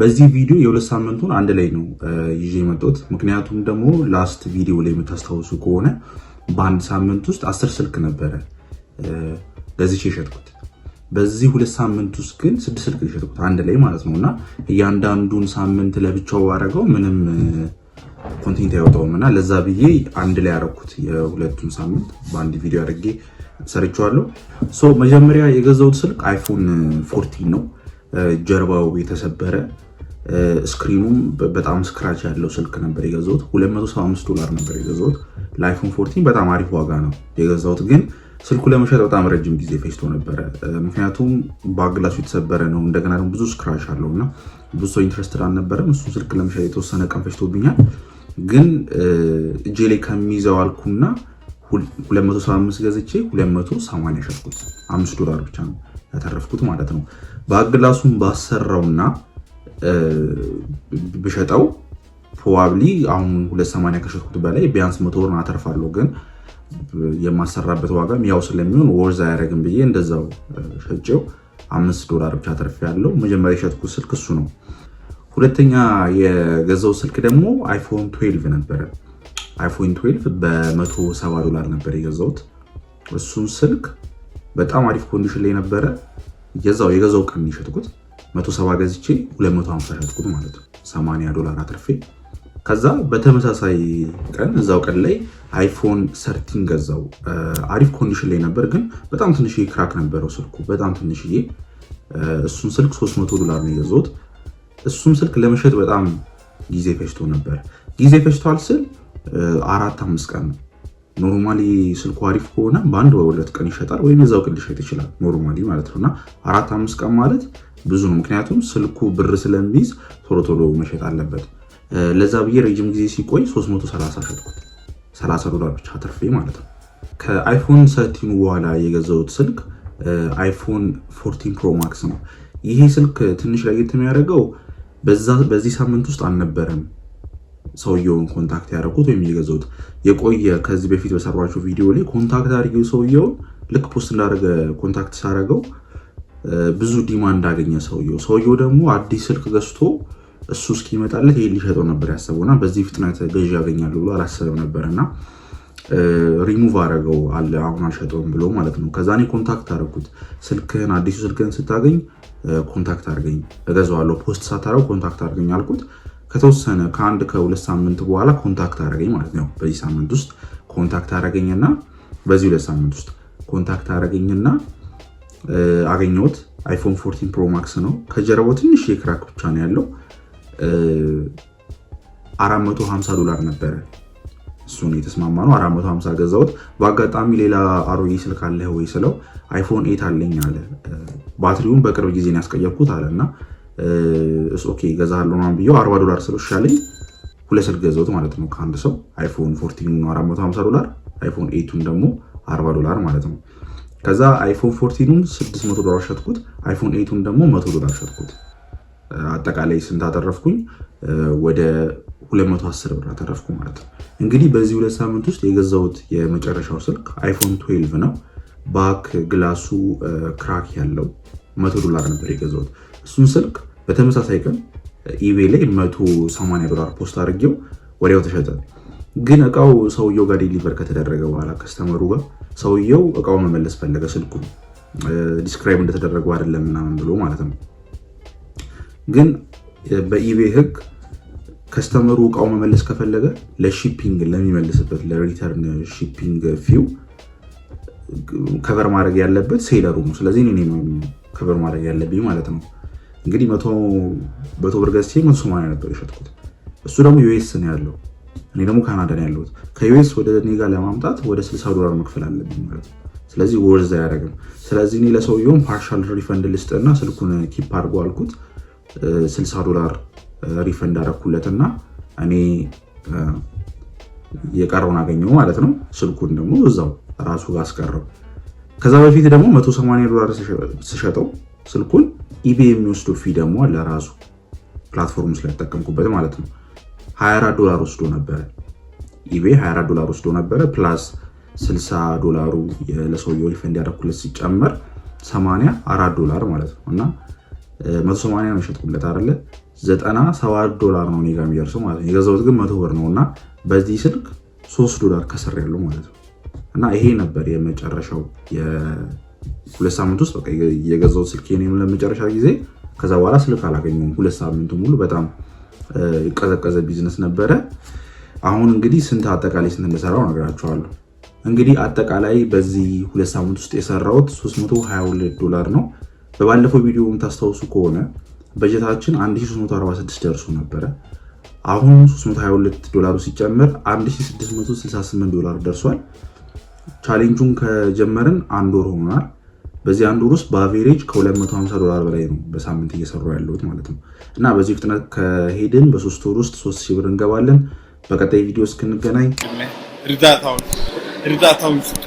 በዚህ ቪዲዮ የሁለት ሳምንቱን አንድ ላይ ነው ይዤ የመጣሁት። ምክንያቱም ደግሞ ላስት ቪዲዮ ላይ የምታስታውሱ ከሆነ በአንድ ሳምንት ውስጥ አስር ስልክ ነበረ ለዚች የሸጥኩት። በዚህ ሁለት ሳምንት ውስጥ ግን ስድስት ስልክ የሸጥኩት አንድ ላይ ማለት ነው። እና እያንዳንዱን ሳምንት ለብቻው አረገው ምንም ኮንቴንት አይወጣውም እና ለዛ ብዬ አንድ ላይ ያደረኩት የሁለቱን ሳምንት በአንድ ቪዲዮ አድርጌ ሰርቼዋለሁ። መጀመሪያ የገዛሁት ስልክ አይፎን ፎርቲን ነው። ጀርባው የተሰበረ ስክሪኑም በጣም ስክራች ያለው ስልክ ነበር የገዛሁት። 275 ዶላር ነበር የገዛሁት ለአይፎን ፎርቲን በጣም አሪፍ ዋጋ ነው የገዛሁት። ግን ስልኩ ለመሸጥ በጣም ረጅም ጊዜ ፈጅቶ ነበረ። ምክንያቱም በአግላሱ የተሰበረ ነው። እንደገና ደግሞ ብዙ ስክራች አለው እና ብዙ ሰው ኢንትረስትድ አልነበረም። እሱ ስልክ ለመሸጥ የተወሰነ ቀን ፈጅቶብኛል። ግን እጄ ላይ ከሚይዘው አልኩና 275 ገዝቼ 280 ሸጥኩት። 5 ዶላር ብቻ ነው ያተረፍኩት ማለት ነው። በአግላሱን ባሰራውና ብሸጠው ፕሮባብሊ አሁን 280 ከሸጥኩት በላይ ቢያንስ መቶ ብር አተርፋለሁ። ግን የማሰራበት ዋጋም ያው ስለሚሆን ወርዝ አያደርግም ብዬ እንደዛው ሸጬው አምስት ዶላር ብቻ አተርፍ ያለው። መጀመሪያ የሸጥኩት ስልክ እሱ ነው። ሁለተኛ የገዛው ስልክ ደግሞ አይፎን 12 ነበረ። አይፎን 12 በ170 ዶላር ነበር የገዛውት። እሱን ስልክ በጣም አሪፍ ኮንዲሽን ላይ ነበረ። የዛው የገዛው ቀን የሚሸጥኩት 170 ገዝቼ 250 ሸጥኩት ማለት ነው። 80 ዶላር አትርፌ ከዛ በተመሳሳይ ቀን እዛው ቀን ላይ አይፎን ሰርቲን ገዛው። አሪፍ ኮንዲሽን ላይ ነበር፣ ግን በጣም ትንሽዬ ክራክ ነበረው ስልኩ በጣም ትንሽዬ። እሱን ስልክ 300 ዶላር ነው የገዛሁት። እሱም ስልክ ለመሸጥ በጣም ጊዜ ፈጅቶ ነበር። ጊዜ ፈጅቷል ስል አራት አምስት ቀን ነው ኖርማሊ ስልኩ አሪፍ ከሆነ በአንድ ወይ ሁለት ቀን ይሸጣል፣ ወይም የዛው ቀን ሊሸጥ ይችላል። ኖርማሊ ማለት ነው እና አራት አምስት ቀን ማለት ብዙ ነው። ምክንያቱም ስልኩ ብር ስለሚይዝ ቶሎ ቶሎ መሸጥ አለበት። ለዛ ብዬ ረጅም ጊዜ ሲቆይ 330 ሸጥኩት፣ 30 ዶላር ብቻ አትርፌ ማለት ነው። ከአይፎን ሰርቲን በኋላ የገዛሁት ስልክ አይፎን 14 ፕሮ ማክስ ነው። ይሄ ስልክ ትንሽ ለየት የሚያደርገው በዚህ ሳምንት ውስጥ አልነበረም ሰውየውን ኮንታክት ያደረጉት ወይም የገዛሁት የቆየ ከዚህ በፊት በሰሯቸው ቪዲዮ ላይ ኮንታክት አድርጌው ሰውየውን ልክ ፖስት እንዳደረገ ኮንታክት ሳደረገው ብዙ ዲማንድ አገኘ ሰውየው። ሰውየው ደግሞ አዲስ ስልክ ገዝቶ እሱ እስኪመጣለት ይሄ ሊሸጠው ነበር ያሰበውና በዚህ ፍጥነት ገዥ ያገኛሉ ብሎ አላሰበም ነበር እና ሪሙቭ አደረገው አለ አሁን አልሸጠውም ብሎ ማለት ነው። ከዛ እኔ ኮንታክት አደረኩት። ስልክህን አዲሱ ስልክህን ስታገኝ ኮንታክት አድርገኝ እገዛዋለሁ፣ ፖስት ሳታረው ኮንታክት አድርገኝ አልኩት። ከተወሰነ ከአንድ ከሁለት ሳምንት በኋላ ኮንታክት አረገኝ ማለት ነው። በዚህ ሳምንት ውስጥ ኮንታክት አረገኝና በዚህ ሁለት ሳምንት ውስጥ ኮንታክት አረገኝና አገኘሁት። አይፎን 14 ፕሮ ማክስ ነው። ከጀርባው ትንሽ የክራክ ብቻ ነው ያለው። 450 ዶላር ነበረ እሱን የተስማማ ነው። 450 ገዛሁት። በአጋጣሚ ሌላ አሮጌ ስልክ አለህ ወይ ስለው አይፎን ኤት አለኝ አለ። ባትሪውን በቅርብ ጊዜ ያስቀየርኩት አለ እና ኦኬ እገዛለሁ ምናምን ብዬው አርባ ዶላር ስለው ሁለት ስልክ ገዛሁት ማለት ነው ከአንድ ሰው አይፎን ፎርቲን ነው 450 ዶላር፣ አይፎን ኤቱን ደግሞ 40 ዶላር ማለት ነው። ከዛ አይፎን ፎርቲኑን 600 ዶላር ሸጥኩት፣ አይፎን ኤቱን ደግሞ 100 ዶላር ሸጥኩት። አጠቃላይ ስንት አተረፍኩኝ? ወደ 210 ብር አተረፍኩ ማለት ነው። እንግዲህ በዚህ ሁለት ሳምንት ውስጥ የገዛሁት የመጨረሻው ስልክ አይፎን 12 ነው። ባክ ግላሱ ክራክ ያለው 100 ዶላር ነበር የገዛሁት። እሱን ስልክ በተመሳሳይ ቀን ኢቤይ ላይ 180 ዶላር ፖስት አድርጌው ወዲያው ተሸጠ። ግን እቃው ሰውየው ጋር ዲሊቨር ከተደረገ በኋላ ከስተመሩ ጋር ሰውየው እቃውን መመለስ ፈለገ። ስልኩ ዲስክራይብ እንደተደረገው አይደለም ምናምን ብሎ ማለት ነው። ግን በኢቤይ ህግ ከስተመሩ እቃው መመለስ ከፈለገ ለሺፒንግ ለሚመልስበት ለሪተርን ሺፒንግ ፊው ከቨር ማድረግ ያለበት ሴለሩ ነው። ስለዚህ እኔ ከቨር ማድረግ ያለብኝ ማለት ነው። እንግዲህ መቶ መቶ ብር ገዝቼ መቶ ሰማንያ ነበር የሸጥኩት። እሱ ደግሞ ዩኤስ ነው ያለው፣ እኔ ደግሞ ካናዳ ነው ያለሁት። ከዩኤስ ወደ እኔ ጋር ለማምጣት ወደ 60 ዶላር መክፈል አለብኝ ማለት ነው። ስለዚህ ወርዝ አያደርግም። ስለዚህ እኔ ለሰውየውም ፓርሻል ሪፈንድ ልስጥና ስልኩን ኪፕ አድርጎ አልኩት። 60 ዶላር ሪፈንድ አደረኩለትና እኔ የቀረውን አገኘው ማለት ነው። ስልኩን ደግሞ እዛው ራሱ ጋር አስቀረው። ከዛ በፊት ደግሞ 180 ዶላር ስሸጠው ስልኩን ኢቤ የሚወስዱ ፊ ደግሞ ለራሱ ፕላትፎርሙ ስለተጠቀምኩበት ማለት ነው 24 ዶላር ወስዶ ነበረ። ኢቤ 24 ዶላር ወስዶ ነበረ ፕላስ 60 ዶላሩ ለሰውየው ሪፈንድ ያደረኩለት ሲጨመር 84 ዶላር ማለት ነው እና 180 ነው የሸጥኩለት አይደለ 97 ዶላር ነው ኔጋ የሚደርሰው ማለት ነው። የገዛሁት ግን መቶ ብር ነው እና በዚህ ስልክ 3 ዶላር ከስር ያለው ማለት ነው እና ይሄ ነበር የመጨረሻው ሁለት ሳምንት ውስጥ በቃ የገዛሁት ስልክ የኔም ለመጨረሻ ጊዜ። ከዛ በኋላ ስልክ አላገኘሁም። ሁለት ሳምንቱ ሙሉ በጣም ቀዘቀዘ ቢዝነስ ነበረ። አሁን እንግዲህ ስንት አጠቃላይ ስንት እንደሰራው ነገራችኋለሁ። እንግዲህ አጠቃላይ በዚህ ሁለት ሳምንት ውስጥ የሰራሁት 322 ዶላር ነው። በባለፈው ቪዲዮ የምታስታውሱ ከሆነ በጀታችን 1346 ደርሶ ነበረ። አሁን 322 ዶላሩ ሲጨምር 1668 ዶላር ደርሷል። ቻሌንጁን ከጀመርን አንድ ወር ሆኗል። በዚህ አንድ ወር ውስጥ በአቬሬጅ ከ250 ዶላር በላይ ነው በሳምንት እየሰሩ ያለሁት ማለት ነው። እና በዚህ ፍጥነት ከሄድን በሶስት ወር ውስጥ ሶስት ሺህ ብር እንገባለን። በቀጣይ ቪዲዮ እስክንገናኝ እርዳታውን እርዳታውን ስጡ።